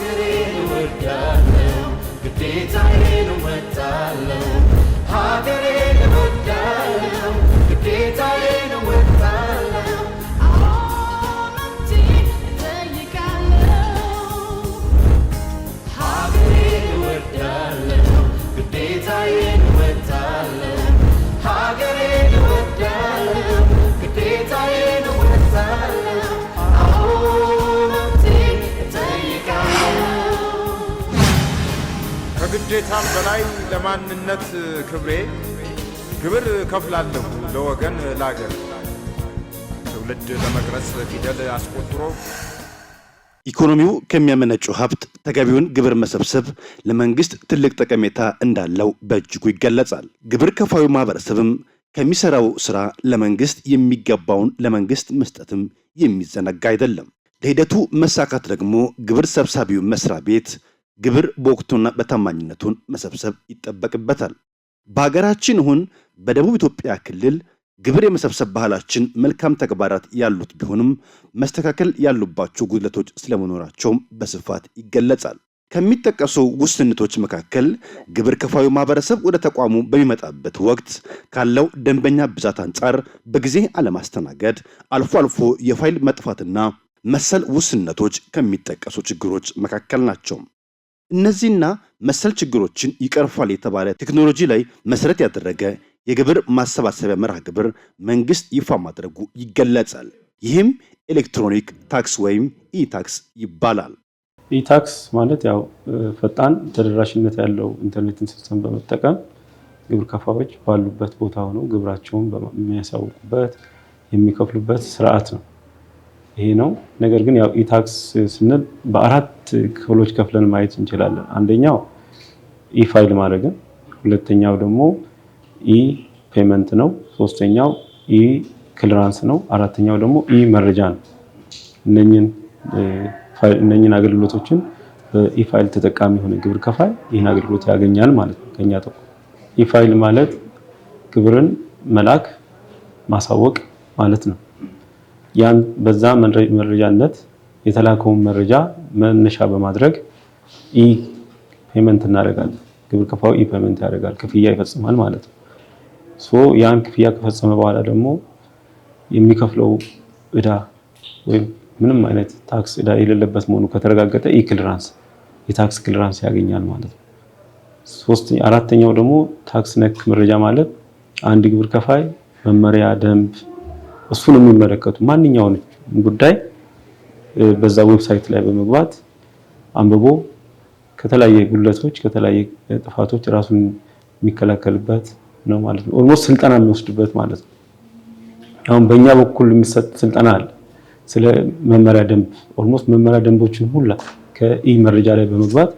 ሀገሬን እወዳለሁ ግዴታዬን እወጣለሁ ከሁኔታም በላይ ለማንነት ክብሬ ግብር ከፍላለሁ ለወገን ላገር ትውልድ ለመቅረጽ ፊደል አስቆጥሮ ኢኮኖሚው ከሚያመነጩ ሀብት ተገቢውን ግብር መሰብሰብ ለመንግስት ትልቅ ጠቀሜታ እንዳለው በእጅጉ ይገለጻል። ግብር ከፋዩ ማህበረሰብም ከሚሰራው ስራ ለመንግስት የሚገባውን ለመንግስት መስጠትም የሚዘነጋ አይደለም። ለሂደቱ መሳካት ደግሞ ግብር ሰብሳቢው መስሪያ ቤት ግብር በወቅቱና በታማኝነቱን መሰብሰብ ይጠበቅበታል። በሀገራችን ይሁን በደቡብ ኢትዮጵያ ክልል ግብር የመሰብሰብ ባህላችን መልካም ተግባራት ያሉት ቢሆንም መስተካከል ያሉባቸው ጉድለቶች ስለመኖራቸውም በስፋት ይገለጻል። ከሚጠቀሱ ውስንነቶች መካከል ግብር ከፋዩ ማህበረሰብ ወደ ተቋሙ በሚመጣበት ወቅት ካለው ደንበኛ ብዛት አንጻር በጊዜ አለማስተናገድ፣ አልፎ አልፎ የፋይል መጥፋትና መሰል ውስንነቶች ከሚጠቀሱ ችግሮች መካከል ናቸው። እነዚህና መሰል ችግሮችን ይቀርፋል የተባለ ቴክኖሎጂ ላይ መሰረት ያደረገ የግብር ማሰባሰቢያ መርሃ ግብር መንግስት ይፋ ማድረጉ ይገለጻል። ይህም ኤሌክትሮኒክ ታክስ ወይም ኢታክስ ይባላል። ኢታክስ ማለት ያው ፈጣን ተደራሽነት ያለው ኢንተርኔትን ሲስተም በመጠቀም ግብር ከፋዮች ባሉበት ቦታ ሆነው ግብራቸውን የሚያሳውቁበት የሚከፍሉበት ስርዓት ነው። ይሄ ነው። ነገር ግን ያው ኢታክስ ስንል በአራት ክፍሎች ከፍለን ማየት እንችላለን። አንደኛው ኢ ፋይል ማድረግን፣ ሁለተኛው ደግሞ ኢ ፔመንት ነው፣ ሶስተኛው ኢ ክሊራንስ ነው፣ አራተኛው ደግሞ ኢ መረጃ ነው። እነኝን አገልግሎቶችን በኢ ፋይል ተጠቃሚ የሆነ ግብር ከፋይ ይህን አገልግሎት ያገኛል ማለት ነው ከኛ ተቋም። ኢፋይል ማለት ግብርን መላክ ማሳወቅ ማለት ነው። ያን በዛ መረጃነት የተላከውን መረጃ መነሻ በማድረግ ኢ ፔመንት እናደርጋለን። ግብር ከፋው ኢ ፔመንት ያደርጋል፣ ክፍያ ይፈጽማል ማለት ነው። ሶ ያን ክፍያ ከፈጸመ በኋላ ደግሞ የሚከፍለው እዳ ወይም ምንም አይነት ታክስ እዳ የሌለበት መሆኑ ከተረጋገጠ ኢ ክሊራንስ የታክስ ክሊራንስ ያገኛል ማለት ነው። አራተኛው ደግሞ ታክስ ነክ መረጃ ማለት አንድ ግብር ከፋይ መመሪያ፣ ደንብ እሱን የሚመለከቱ ማንኛውን ጉዳይ በዛ ዌብሳይት ላይ በመግባት አንብቦ ከተለያየ ጉለቶች ከተለያየ ጥፋቶች ራሱን የሚከላከልበት ነው ማለት ነው። ኦልሞስት ስልጠና የሚወስድበት ማለት ነው። አሁን በእኛ በኩል የሚሰጥ ስልጠና አለ ስለ መመሪያ ደንብ ኦልሞስት መመሪያ ደንቦችን ሁላ ከኢ መረጃ ላይ በመግባት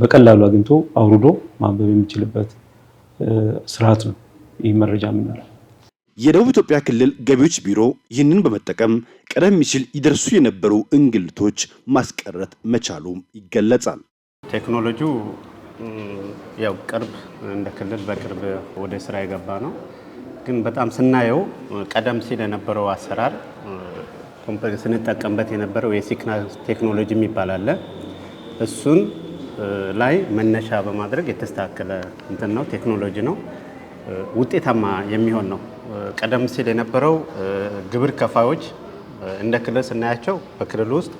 በቀላሉ አግኝቶ አውርዶ ማንበብ የሚችልበት ስርዓት ነው ይህ መረጃ የምንለው። የደቡብ ኢትዮጵያ ክልል ገቢዎች ቢሮ ይህንን በመጠቀም ቀደም ሲል ይደርሱ የነበሩ እንግልቶች ማስቀረት መቻሉም ይገለጻል። ቴክኖሎጂው ያው ቅርብ እንደ ክልል በቅርብ ወደ ስራ የገባ ነው። ግን በጣም ስናየው ቀደም ሲል የነበረው አሰራር ስንጠቀምበት የነበረው የሲግናል ቴክኖሎጂ የሚባል አለ። እሱን ላይ መነሻ በማድረግ የተስተካከለ እንትን ነው ቴክኖሎጂ ነው ውጤታማ የሚሆን ነው። ቀደም ሲል የነበረው ግብር ከፋዮች እንደ ክልል ስናያቸው በክልል ውስጥ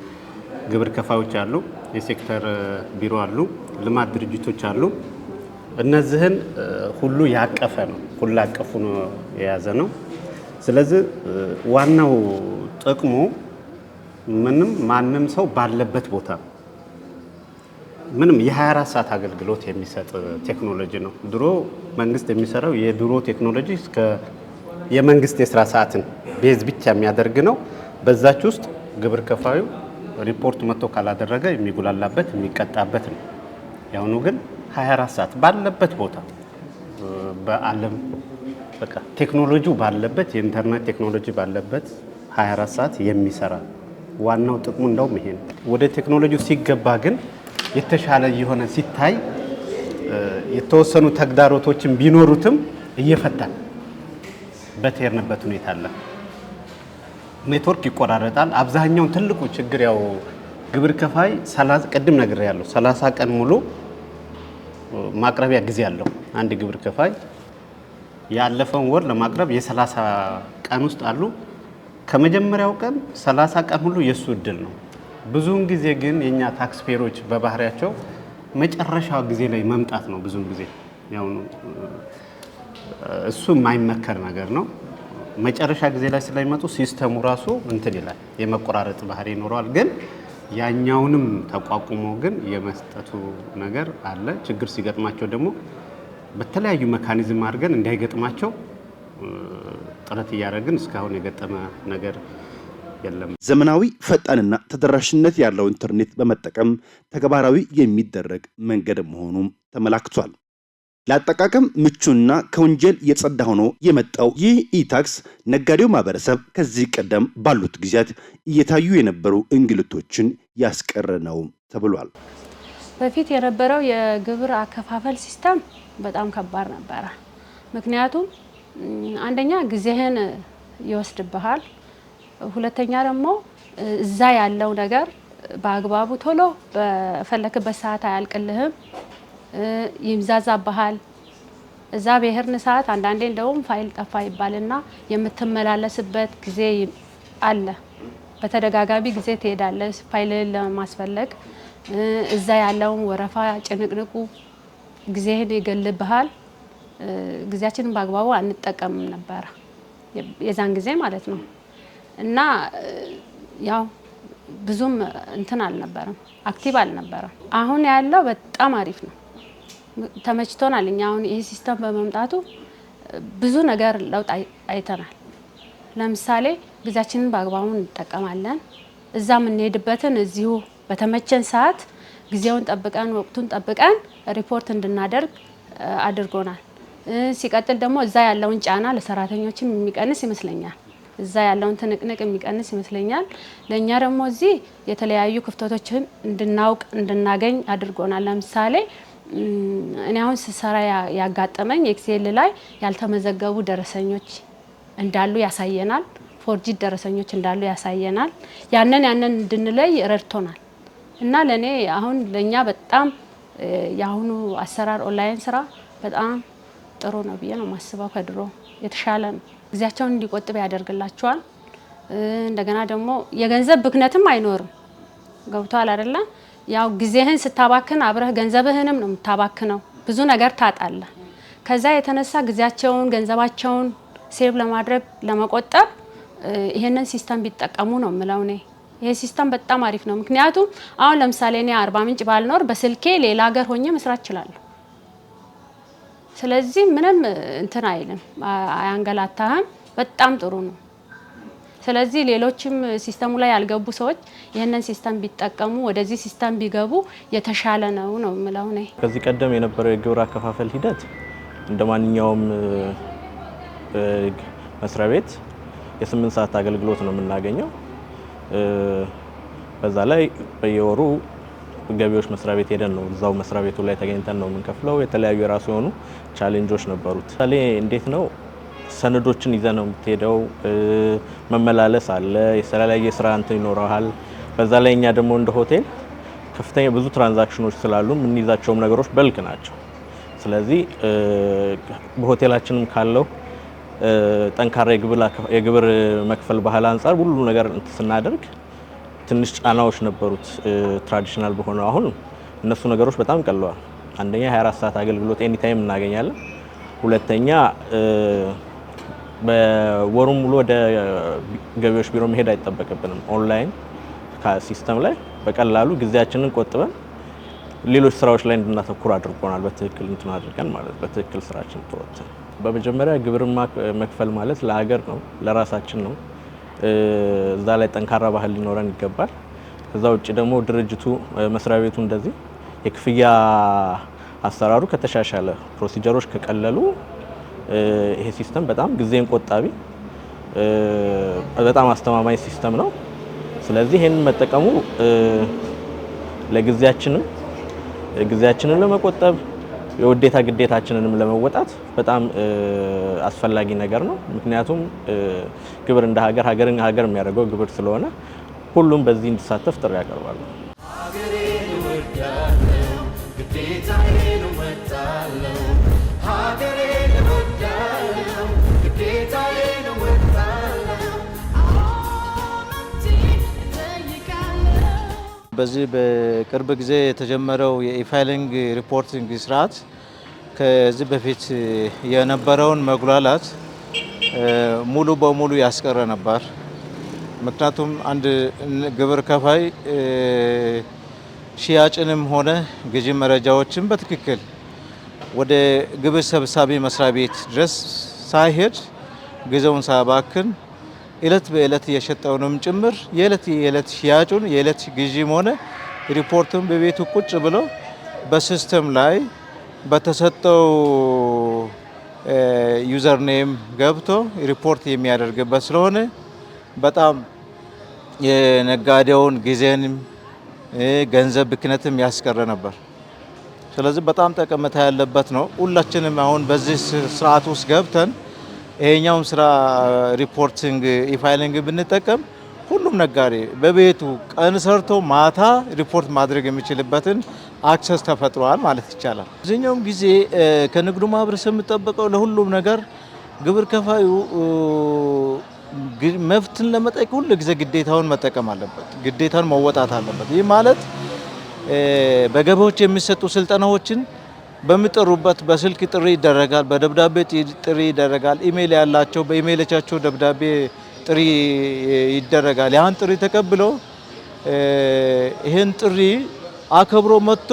ግብር ከፋዮች አሉ፣ የሴክተር ቢሮ አሉ፣ ልማት ድርጅቶች አሉ። እነዚህን ሁሉ ያቀፈ ነው፣ ሁሉ አቀፉ ነው የያዘ ነው። ስለዚህ ዋናው ጥቅሙ ምንም ማንም ሰው ባለበት ቦታ ምንም የ24 ሰዓት አገልግሎት የሚሰጥ ቴክኖሎጂ ነው። ድሮ መንግስት የሚሰራው የድሮ ቴክኖሎጂ እስከ የመንግስት የስራ ሰዓትን ቤዝ ብቻ የሚያደርግ ነው። በዛች ውስጥ ግብር ከፋዩ ሪፖርት መጥቶ ካላደረገ የሚጉላላበት የሚቀጣበት ነው። የአሁኑ ግን 24 ሰዓት ባለበት ቦታ በዓለም በቃ ቴክኖሎጂ ባለበት የኢንተርኔት ቴክኖሎጂ ባለበት 24 ሰዓት የሚሰራ ዋናው ጥቅሙ እንደውም ይሄ ነው። ወደ ቴክኖሎጂ ሲገባ ግን የተሻለ የሆነ ሲታይ የተወሰኑ ተግዳሮቶችን ቢኖሩትም እየፈታል በተሄድንበት ሁኔታ አለ። ኔትወርክ ይቆራረጣል። አብዛኛውን ትልቁ ችግር ያው ግብር ከፋይ ቅድም ነገር ያለው ሰላሳ ቀን ሙሉ ማቅረቢያ ጊዜ አለው። አንድ ግብር ከፋይ ያለፈውን ወር ለማቅረብ የሰላሳ ቀን ውስጥ አሉ። ከመጀመሪያው ቀን ሰላሳ ቀን ሁሉ የእሱ እድል ነው። ብዙውን ጊዜ ግን የእኛ ታክስ ፔሮች በባህሪያቸው መጨረሻ ጊዜ ላይ መምጣት ነው። ብዙውን ጊዜ ያው እሱ የማይመከር ነገር ነው። መጨረሻ ጊዜ ላይ ስለሚመጡ ሲስተሙ ራሱ እንትን ይላል፣ የመቆራረጥ ባህሪ ይኖረዋል። ግን ያኛውንም ተቋቁሞ ግን የመስጠቱ ነገር አለ። ችግር ሲገጥማቸው ደግሞ በተለያዩ መካኒዝም አድርገን እንዳይገጥማቸው ጥረት እያደረግን እስካሁን የገጠመ ነገር የለም። ዘመናዊ ፈጣንና ተደራሽነት ያለው ኢንተርኔት በመጠቀም ተግባራዊ የሚደረግ መንገድ መሆኑም ተመላክቷል። ለአጠቃቀም ምቹና ከወንጀል የጸዳ ሆኖ የመጣው ይህ ኢታክስ ነጋዴው ማህበረሰብ ከዚህ ቀደም ባሉት ጊዜያት እየታዩ የነበሩ እንግልቶችን ያስቀረ ነው ተብሏል። በፊት የነበረው የግብር አከፋፈል ሲስተም በጣም ከባድ ነበረ። ምክንያቱም አንደኛ ጊዜህን ይወስድብሃል፣ ሁለተኛ ደግሞ እዛ ያለው ነገር በአግባቡ ቶሎ በፈለክበት ሰዓት አያልቅልህም። ባህል እዛ ብሔርን ሰዓት አንዳንዴ እንደውም ፋይል ጠፋ ይባልና የምትመላለስበት ጊዜ አለ። በተደጋጋሚ ጊዜ ትሄዳለች ፋይልን ለማስፈለግ። እዛ ያለውን ወረፋ ጭንቅንቁ ጊዜህን ይገልብሃል። ጊዜያችንን በአግባቡ አንጠቀምም ነበረ የዛን ጊዜ ማለት ነው። እና ያው ብዙም እንትን አልነበረም፣ አክቲቭ አልነበረም። አሁን ያለው በጣም አሪፍ ነው። ተመችቶናል። እኛ አሁን ይሄ ሲስተም በመምጣቱ ብዙ ነገር ለውጥ አይተናል። ለምሳሌ ጊዜያችንን በአግባቡ እንጠቀማለን። እዛ የምንሄድበትን እዚሁ በተመቸን ሰዓት ጊዜውን ጠብቀን ወቅቱን ጠብቀን ሪፖርት እንድናደርግ አድርጎናል። ሲቀጥል ደግሞ እዛ ያለውን ጫና ለሰራተኞችም የሚቀንስ ይመስለኛል። እዛ ያለውን ትንቅንቅ የሚቀንስ ይመስለኛል። ለእኛ ደግሞ እዚህ የተለያዩ ክፍተቶችን እንድናውቅ እንድናገኝ አድርጎናል። ለምሳሌ እኔ አሁን ስሰራ ያጋጠመኝ ኤክሴል ላይ ያልተመዘገቡ ደረሰኞች እንዳሉ ያሳየናል። ፎርጂ ደረሰኞች እንዳሉ ያሳየናል። ያንን ያንን እንድንለይ ረድቶናል እና ለእኔ አሁን ለእኛ በጣም የአሁኑ አሰራር ኦንላይን ስራ በጣም ጥሩ ነው ብዬ ነው ማስበው ከድሮ የተሻለ ነው። ጊዜያቸውን እንዲቆጥብ ያደርግላቸዋል። እንደገና ደግሞ የገንዘብ ብክነትም አይኖርም። ገብቷል አይደለም? ያው ጊዜህን ስታባክን አብረህ ገንዘብህንም ነው የምታባክነው። ብዙ ነገር ታጣለህ። ከዛ የተነሳ ጊዜያቸውን ገንዘባቸውን ሴቭ ለማድረግ ለመቆጠብ ይሄንን ሲስተም ቢጠቀሙ ነው የምለው እኔ። ይሄ ሲስተም በጣም አሪፍ ነው። ምክንያቱም አሁን ለምሳሌ እኔ አርባ ምንጭ ባልኖር በስልኬ ሌላ ሀገር ሆኜ መስራት እችላለሁ። ስለዚህ ምንም እንትን አይልም፣ አያንገላታህም። በጣም ጥሩ ነው። ስለዚህ ሌሎችም ሲስተሙ ላይ ያልገቡ ሰዎች ይህንን ሲስተም ቢጠቀሙ ወደዚህ ሲስተም ቢገቡ የተሻለ ነው ነው የምለው። እኔ ከዚህ ቀደም የነበረው የግብር አከፋፈል ሂደት እንደ ማንኛውም መስሪያ ቤት የስምንት ሰዓት አገልግሎት ነው የምናገኘው። በዛ ላይ በየወሩ ገቢዎች መስሪያ ቤት ሄደን ነው እዛው መስሪያ ቤቱ ላይ ተገኝተን ነው የምንከፍለው። የተለያዩ የራሱ የሆኑ ቻሌንጆች ነበሩት። እንዴት ነው ሰነዶችን ይዘ ነው የምትሄደው። መመላለስ አለ፣ የተለያየ ስራ እንትን ይኖረሃል። በዛ ላይ እኛ ደግሞ እንደ ሆቴል ከፍተኛ ብዙ ትራንዛክሽኖች ስላሉ የምንይዛቸውም ነገሮች በልክ ናቸው። ስለዚህ በሆቴላችንም ካለው ጠንካራ የግብር መክፈል ባህል አንጻር ሁሉ ነገር ስናደርግ ትንሽ ጫናዎች ነበሩት ትራዲሽናል በሆነ አሁን እነሱ ነገሮች በጣም ቀለዋል። አንደኛ 24 ሰዓት አገልግሎት ኤኒታይም እናገኛለን። ሁለተኛ በወሩም ሙሉ ወደ ገቢዎች ቢሮ መሄድ አይጠበቅብንም። ኦንላይን ከሲስተም ላይ በቀላሉ ጊዜያችንን ቆጥበን ሌሎች ስራዎች ላይ እንድናተኩር አድርጎናል። በትክክል እንትን አድርገን ማለት በትክክል ስራችን ተወጥተን በመጀመሪያ ግብርን መክፈል ማለት ለሀገር ነው፣ ለራሳችን ነው። እዛ ላይ ጠንካራ ባህል ሊኖረን ይገባል። ከዛ ውጭ ደግሞ ድርጅቱ መስሪያ ቤቱ እንደዚህ የክፍያ አሰራሩ ከተሻሻለ ፕሮሲጀሮች ከቀለሉ ይሄ ሲስተም በጣም ጊዜን ቆጣቢ፣ በጣም አስተማማኝ ሲስተም ነው። ስለዚህ ይህንን መጠቀሙ ለጊዜያችንም ጊዜያችንን ለመቆጠብ የውዴታ ግዴታችንንም ለመወጣት በጣም አስፈላጊ ነገር ነው። ምክንያቱም ግብር እንደ ሀገር ሀገርን ሀገር የሚያደርገው ግብር ስለሆነ ሁሉም በዚህ እንዲሳተፍ ጥሪ ያቀርባሉ። በዚህ በቅርብ ጊዜ የተጀመረው የኢፋይሊንግ ሪፖርቲንግ ስርዓት ከዚህ በፊት የነበረውን መጉላላት ሙሉ በሙሉ ያስቀረ ነበር። ምክንያቱም አንድ ግብር ከፋይ ሽያጭንም ሆነ ግዢ መረጃዎችን በትክክል ወደ ግብር ሰብሳቢ መስሪያ ቤት ድረስ ሳይሄድ ጊዜውን ሳያባክን እለት በእለት የሸጠውንም ጭምር የእለት የእለት ሽያጩን የእለት ግዢም ሆነ ሪፖርቱን በቤቱ ቁጭ ብሎ በሲስተም ላይ በተሰጠው ዩዘር ኔም ገብቶ ሪፖርት የሚያደርግበት ስለሆነ በጣም የነጋዴውን ጊዜንም ገንዘብ ብክነትም ያስቀረ ነበር። ስለዚህ በጣም ጠቀሜታ ያለበት ነው። ሁላችንም አሁን በዚህ ስርዓት ውስጥ ገብተን ይሄኛውም ስራ ሪፖርቲንግ ኢፋይሊንግ ብንጠቀም ሁሉም ነጋዴ በቤቱ ቀን ሰርቶ ማታ ሪፖርት ማድረግ የሚችልበትን አክሰስ ተፈጥሯል ማለት ይቻላል። ብዙኛውም ጊዜ ከንግዱ ማህበረሰብ የምጠበቀው ለሁሉም ነገር ግብር ከፋዩ መብትን ለመጠየቅ ሁሉ ጊዜ ግዴታውን መጠቀም አለበት፣ ግዴታውን መወጣት አለበት። ይህ ማለት በገበያዎች የሚሰጡ ስልጠናዎችን በሚጠሩበት በስልክ ጥሪ ይደረጋል፣ በደብዳቤ ጥሪ ይደረጋል። ኢሜይል ያላቸው በኢሜይሎቻቸው ደብዳቤ ጥሪ ይደረጋል። ያን ጥሪ ተቀብሎ ይህን ጥሪ አከብሮ መጥቶ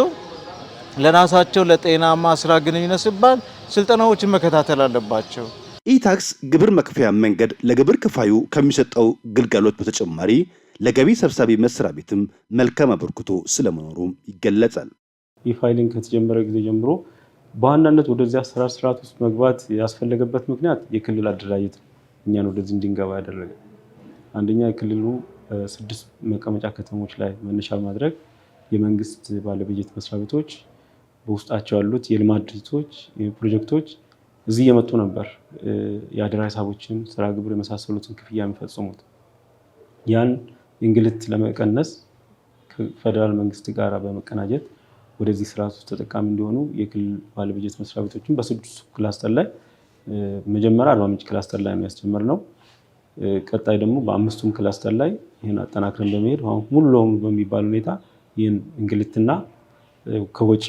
ለራሳቸው ለጤናማ ስራ ግንኙነት ሲባል ስልጠናዎችን መከታተል አለባቸው። ኢታክስ ግብር መክፈያ መንገድ ለግብር ክፋዩ ከሚሰጠው ግልጋሎት በተጨማሪ ለገቢ ሰብሳቢ መስሪያ ቤትም መልካም አበርክቶ ስለመኖሩም ይገለጻል። ኢፋይሊንግ ከተጀመረ ጊዜ ጀምሮ በዋናነት ወደዚህ አሰራር ስርዓት ውስጥ መግባት ያስፈለገበት ምክንያት የክልል አደራጀት እኛን ወደዚህ እንድንገባ ያደረገ አንደኛ የክልሉ ስድስት መቀመጫ ከተሞች ላይ መነሻ ማድረግ የመንግስት ባለበጀት መስሪያ ቤቶች በውስጣቸው ያሉት የልማት ድርጅቶች ፕሮጀክቶች እዚህ እየመጡ ነበር የአደራ ሂሳቦችን፣ ስራ ግብር የመሳሰሉትን ክፍያ የሚፈጽሙት። ያን እንግልት ለመቀነስ ከፌደራል መንግስት ጋር በመቀናጀት ወደዚህ ስርዓት ውስጥ ተጠቃሚ እንዲሆኑ የክልል ባለበጀት መስሪያ ቤቶችን በስድስቱ ክላስተር ላይ መጀመሪያ አርባ ምንጭ ክላስተር ላይ ነው ያስጀመርነው። ቀጣይ ደግሞ በአምስቱም ክላስተር ላይ ይህን አጠናክረን በመሄድ ሙሉ ለሙሉ በሚባል ሁኔታ ይህን እንግልትና ከወጪ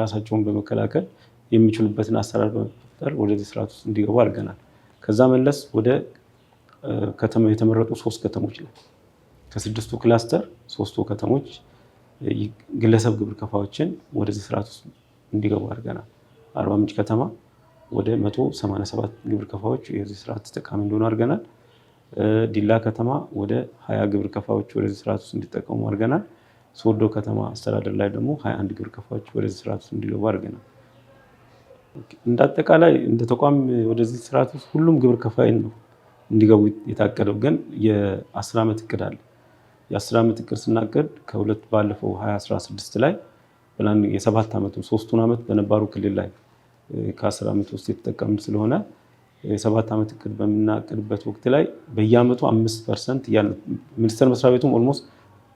ራሳቸውን በመከላከል የሚችሉበትን አሰራር በመፍጠር ወደዚህ ስርዓት ውስጥ እንዲገቡ አድርገናል። ከዛ መለስ ወደ ከተማ የተመረጡ ሶስት ከተሞች ላይ ከስድስቱ ክላስተር ሶስቱ ከተሞች ግለሰብ ግብር ከፋዎችን ወደዚህ ስርዓት ውስጥ እንዲገቡ አድርገናል። አርባ ምንጭ ከተማ ወደ 187 ግብር ከፋዎች የዚህ ስርዓት ተጠቃሚ እንደሆኑ አድርገናል። ዲላ ከተማ ወደ 20 ግብር ከፋዎች ወደዚህ ስርዓት ውስጥ እንዲጠቀሙ አድርገናል። ሶዶ ከተማ አስተዳደር ላይ ደግሞ 21 ግብር ከፋዎች ወደዚህ ስርዓት ውስጥ እንዲገቡ አድርገናል። እንዳጠቃላይ አጠቃላይ እንደ ተቋም ወደዚህ ስርዓት ውስጥ ሁሉም ግብር ከፋይን ነው እንዲገቡ የታቀደው። ግን የአስር ዓመት እቅድ አለ። የአስር ዓመት እቅድ ስናቀድ ከሁለት ባለፈው 2016 ላይ ፕላን የሰባት ዓመቱ ሶስቱን ዓመት በነባሩ ክልል ላይ ከአስር ዓመት ውስጥ የተጠቀምን ስለሆነ የሰባት ዓመት እቅድ በምናቅድበት ወቅት ላይ በየዓመቱ አምስት ፐርሰንት ሚኒስቴር መስሪያ ቤቱም ኦልሞስት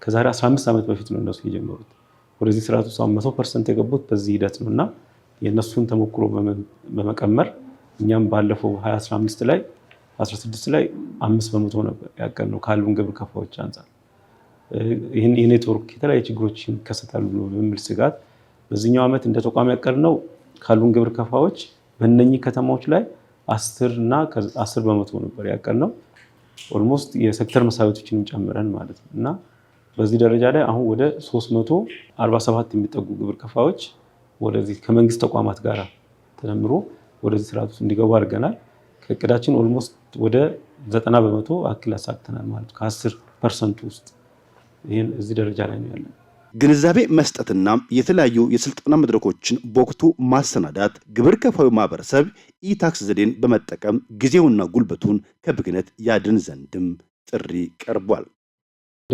ከዛሬ 15 ዓመት በፊት ነው እነሱ የጀመሩት ወደዚህ ስርዓት ውስጥ መቶ ፐርሰንት የገቡት በዚህ ሂደት ነው እና የእነሱን ተሞክሮ በመቀመር እኛም ባለፈው 2015 ላይ 16 ላይ አምስት በመቶ ነበር ያቀድነው ካሉን ግብር ከፋዎች አንጻር የኔትወርክ የተለያዩ ችግሮች ይከሰታሉ በሚል ስጋት በዚህኛው ዓመት እንደ ተቋም ነው። ካሉን ግብር ከፋዎች በእነኚህ ከተማዎች ላይ አስር እና አስር በመቶ ነበር ነው ኦልሞስት የሴክተር መስሪያ ቤቶችንም ጨምረን ማለት ነው እና በዚህ ደረጃ ላይ አሁን ወደ 347 የሚጠጉ ግብር ከፋዎች ወደዚህ ከመንግስት ተቋማት ጋር ተደምሮ ወደዚህ ስርዓት ውስጥ እንዲገቡ አድርገናል። ከእቅዳችን ኦልሞስት ወደ ዘጠና በመቶ አክል ያሳክተናል ማለት ከአስር ፐርሰንቱ ውስጥ ይህን እዚህ ደረጃ ላይ ነው ያለ ግንዛቤ መስጠትና የተለያዩ የስልጠና መድረኮችን በወቅቱ ማሰናዳት ግብር ከፋዩ ማህበረሰብ ኢታክስ ዘዴን በመጠቀም ጊዜውና ጉልበቱን ከብክነት ያድን ዘንድም ጥሪ ቀርቧል።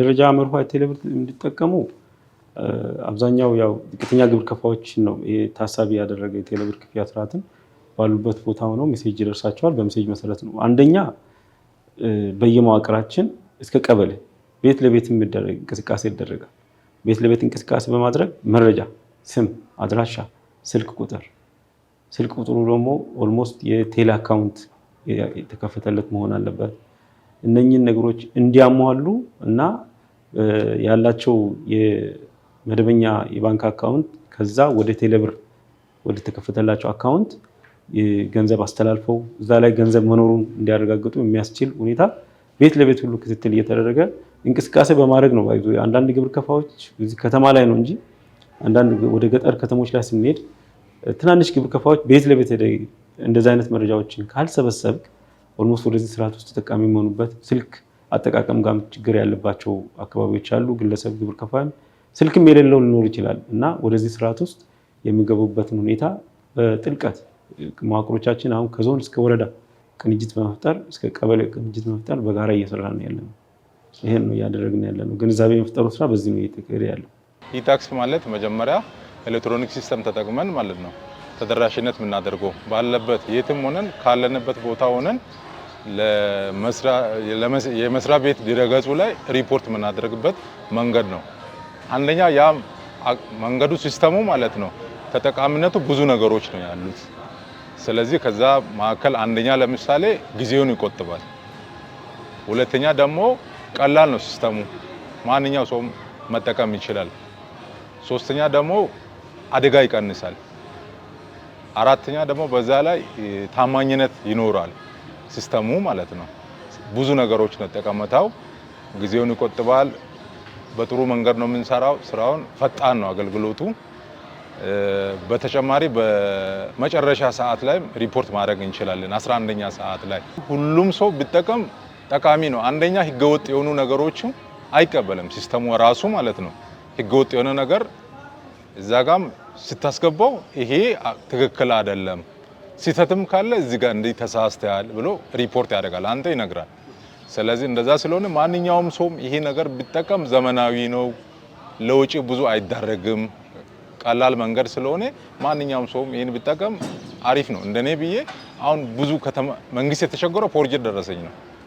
ደረጃ መርሆ ቴሌብር እንዲጠቀሙ አብዛኛው ያው ዝቅተኛ ግብር ከፋዎችን ነው ታሳቢ ያደረገ የቴሌብር ክፍያ ስርዓትን ባሉበት ቦታ ሆነው ሜሴጅ ይደርሳቸዋል። በሜሴጅ መሰረት ነው አንደኛ በየመዋቅራችን እስከ ቀበሌ ቤት ለቤት የሚደረግ እንቅስቃሴ ይደረጋል። ቤት ለቤት እንቅስቃሴ በማድረግ መረጃ፣ ስም፣ አድራሻ፣ ስልክ ቁጥር ስልክ ቁጥሩ ደግሞ ኦልሞስት የቴሌ አካውንት የተከፈተለት መሆን አለበት። እነኝን ነገሮች እንዲያሟሉ እና ያላቸው የመደበኛ የባንክ አካውንት ከዛ ወደ ቴሌብር ወደ ተከፈተላቸው አካውንት ገንዘብ አስተላልፈው እዛ ላይ ገንዘብ መኖሩን እንዲያረጋግጡ የሚያስችል ሁኔታ ቤት ለቤት ሁሉ ክትትል እየተደረገ እንቅስቃሴ በማድረግ ነው። ባይዞ አንዳንድ ግብር ከፋዎች እዚህ ከተማ ላይ ነው እንጂ አንዳንድ ወደ ገጠር ከተሞች ላይ ስንሄድ ትናንሽ ግብር ከፋዎች ቤት ለቤት ሄደ እንደዚህ አይነት መረጃዎችን ካልሰበሰብክ ኦልሞስት ወደዚህ ስርዓት ውስጥ ተጠቃሚ የሚሆኑበት ስልክ አጠቃቀም ጋር ችግር ያለባቸው አካባቢዎች አሉ። ግለሰብ ግብር ከፋይም ስልክም የሌለው ሊኖር ይችላል እና ወደዚህ ስርዓት ውስጥ የሚገቡበትን ሁኔታ በጥልቀት መዋቅሮቻችን አሁን ከዞን እስከ ወረዳ ቅንጅት በመፍጠር እስከ ቀበሌ ቅንጅት በመፍጠር በጋራ እየሰራ ነው ያለነው። ይሄን ነው እያደረግን ያለ ነው። ግንዛቤ የመፍጠሩ ስራ በዚህ ነው እየተካሄደ ያለው። ኢታክስ ማለት መጀመሪያ ኤሌክትሮኒክ ሲስተም ተጠቅመን ማለት ነው ተደራሽነት የምናደርገው ባለበት የትም ሆነን ካለንበት ቦታ ሆነን የመስሪያ ቤት ድረገጹ ላይ ሪፖርት የምናደርግበት መንገድ ነው። አንደኛ ያ መንገዱ ሲስተሙ ማለት ነው ተጠቃሚነቱ ብዙ ነገሮች ነው ያሉት። ስለዚህ ከዛ መካከል አንደኛ ለምሳሌ ጊዜውን ይቆጥባል። ሁለተኛ ደግሞ ቀላል ነው ሲስተሙ፣ ማንኛው ሰው መጠቀም ይችላል። ሶስተኛ ደግሞ አደጋ ይቀንሳል። አራተኛ ደግሞ በዛ ላይ ታማኝነት ይኖራል ሲስተሙ ማለት ነው። ብዙ ነገሮች ነው ጠቀሜታው። ጊዜውን ይቆጥባል። በጥሩ መንገድ ነው የምንሰራው ስራውን። ፈጣን ነው አገልግሎቱ። በተጨማሪ በመጨረሻ ሰዓት ላይ ሪፖርት ማድረግ እንችላለን። 11ኛ ሰዓት ላይ ሁሉም ሰው ቢጠቀም ጠቃሚ ነው። አንደኛ ህገወጥ የሆኑ ነገሮችን አይቀበልም ሲስተሙ ራሱ ማለት ነው። ህገወጥ የሆነ ነገር እዛ ጋም ስታስገባው ይሄ ትክክል አይደለም፣ ስህተትም ካለ እዚህ ጋር እንዲህ ተሳስተያል ብሎ ሪፖርት ያደርጋል፣ አንተ ይነግራል። ስለዚህ እንደዛ ስለሆነ ማንኛውም ሰውም ይሄ ነገር ቢጠቀም ዘመናዊ ነው፣ ለውጪ ብዙ አይዳረግም፣ ቀላል መንገድ ስለሆነ ማንኛውም ሰውም ይህን ቢጠቀም አሪፍ ነው እንደኔ ብዬ። አሁን ብዙ ከተማ መንግስት የተቸገረው ፎርጀር ደረሰኝ ነው።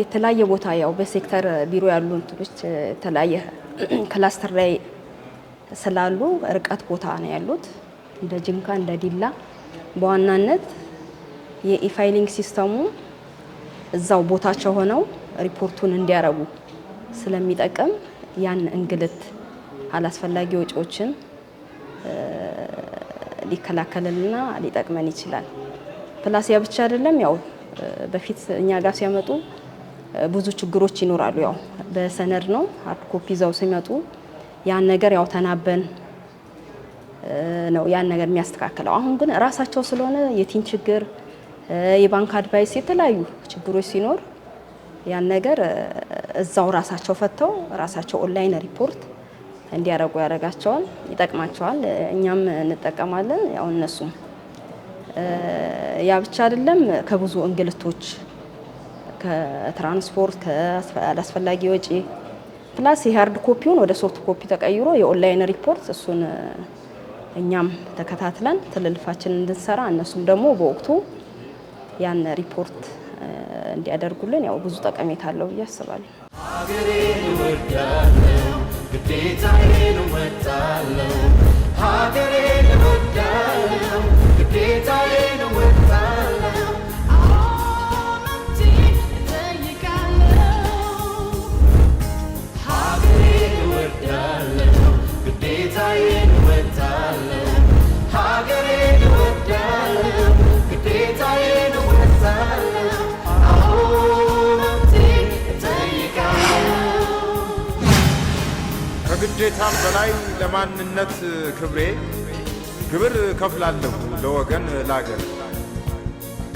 የተለያየ ቦታ ያው በሴክተር ቢሮ ያሉ እንትኖች የተለያየ ክላስተር ላይ ስላሉ ርቀት ቦታ ነው ያሉት። እንደ ጅንካ እንደ ዲላ በዋናነት የኢፋይሊንግ ሲስተሙ እዛው ቦታቸው ሆነው ሪፖርቱን እንዲያረጉ ስለሚጠቅም ያን እንግልት አላስፈላጊ ወጪዎችን ሊከላከልልና ሊጠቅመን ይችላል። ፕላስ ያ ብቻ አይደለም። ያው በፊት እኛ ጋር ሲያመጡ ብዙ ችግሮች ይኖራሉ። ያው በሰነድ ነው ሃርድ ኮፒ ይዘው ሲመጡ ያን ነገር ያው ተናበን ነው ያን ነገር የሚያስተካክለው። አሁን ግን ራሳቸው ስለሆነ የቲን ችግር፣ የባንክ አድቫይስ፣ የተለያዩ ችግሮች ሲኖር ያን ነገር እዛው ራሳቸው ፈተው ራሳቸው ኦንላይን ሪፖርት እንዲያደርጉ ያደርጋቸዋል። ይጠቅማቸዋል። እኛም እንጠቀማለን፣ ያው እነሱም። ያ ብቻ አይደለም ከብዙ እንግልቶች ከትራንስፖርት ከአላስፈላጊ ወጪ ፕላስ የሀርድ ኮፒውን ወደ ሶፍት ኮፒ ተቀይሮ የኦንላይን ሪፖርት እሱን እኛም ተከታትለን ትልልፋችንን እንድንሰራ እነሱም ደግሞ በወቅቱ ያን ሪፖርት እንዲያደርጉልን ያው ብዙ ጠቀሜታ አለው ብዬ አስባለሁ። ሀገሬን እወዳለሁ ግዴታዬን ከሁኔታም በላይ ለማንነት ክብሬ ግብር ከፍላለሁ ለወገን ላገር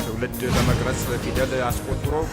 ትውልድ ለመቅረጽ ፊደል አስቆጥሮ